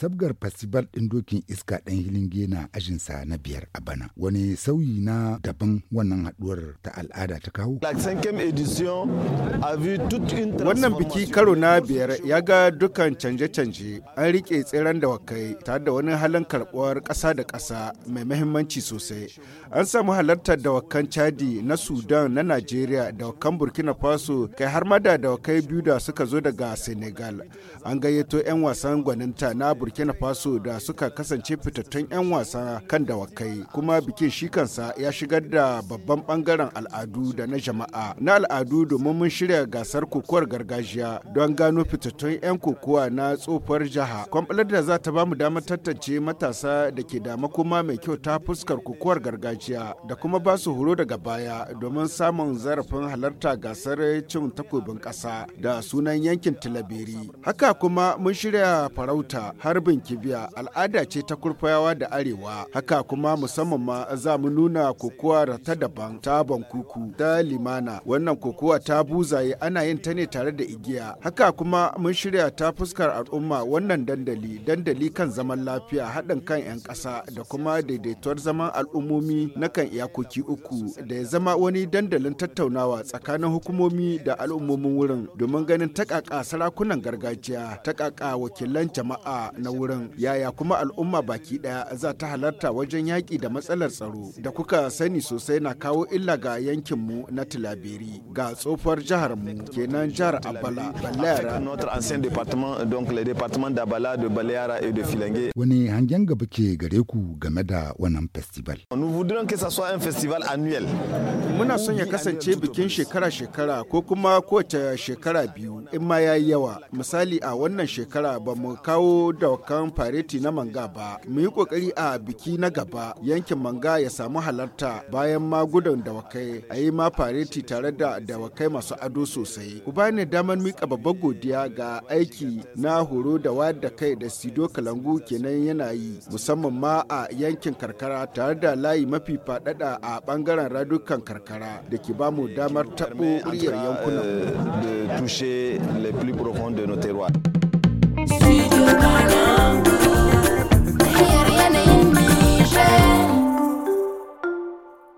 sabgar festival ɗin dokin iska ɗan hilinge na ajinsa na biyar a bana wani sauyi na daban wannan haɗuwar ta al'ada ta kawo wannan biki karo na biyar ya ga dukkan canje-canje an riƙe tseren da wakai tare da wani halin karɓuwar ƙasa da ƙasa mai mahimmanci sosai an samu halartar dawakan chadi na sudan na najeriya wakan burkina faso kai har ma da dawakai biyu da suka zo daga senegal an gayyato 'yan wasan gwaninta na burkina burkina faso da suka kasance fitattun 'yan wasa kan dawakai kuma bikin shi kansa ya shigar da babban bangaren al'adu da na jama'a na al'adu domin mun shirya gasar kokowar gargajiya don gano fitattun 'yan kokowa na tsofar jiha kwamfalar da za ta bamu damar tantance matasa da ke da makoma mai kyau ta fuskar kokowar gargajiya da kuma ba su horo daga baya domin samun zarafin halarta gasar cin takobin ƙasa da sunan yankin tilaberi haka kuma mun shirya farauta har harbin kibiya al'ada ce ta kurfayawa da arewa haka kuma musamman ma za mu nuna kokowa ta daban ta bankuku ta limana wannan kokowa ta buzaye ana yin ta ne tare da igiya haka kuma mun shirya ta fuskar al'umma wannan dandali dandali kan zaman lafiya haɗin kan 'yan ƙasa da kuma daidaituwar zaman al'ummomi na kan iyakoki uku da ya zama wani dandalin tattaunawa tsakanin hukumomi da al'ummomin wurin domin ganin taƙaƙa sarakunan gargajiya taƙaƙa wakilan jama'a na na wurin yaya kuma al'umma baki daya za ta halarta wajen yaƙi da matsalar tsaro da kuka sani sosai na kawo illa ga yankinmu na tilaberi ga tsofar jihar mu kenan jihar abala balayara wani hangen gaba ke gare ku game da wannan festival muna son ya kasance bikin shekara-shekara ko kuma kowace shekara biyu in ma yayi yawa misali a wannan shekara ba mu kawo da kan fareti na manga ba mu yi kokari a biki na gaba yankin manga ya samu halarta bayan ma gudun dawakai a yi ma fareti tare da dawakai masu ado sosai ku bani damar mika babban godiya ga aiki na horo da wayar da kai da sido kalangu kenan yana yi musamman ma a yankin karkara tare da layi mafi faɗaɗa a ɓangaren radukan karkara da ke ba mu damar taɓo ƙuryar yankunan euh, toucher plus profonds de nos terroirs.